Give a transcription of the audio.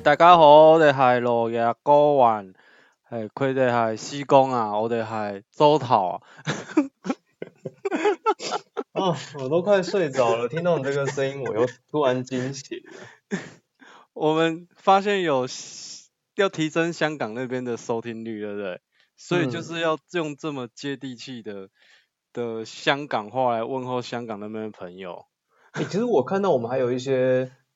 大家好，我哋係露野高玩，係佢哋係施工啊，我哋係周頭啊、 哦。我都快睡着了， 聽到你這個聲音，我又突然驚醒。 我們發現有要提升香港那邊的收聽率，對不對？所以就是要用這麼接地氣的、嗯、的香港話來問候香港那邊的朋友。誒、 欸，其實我看到我們還有一些。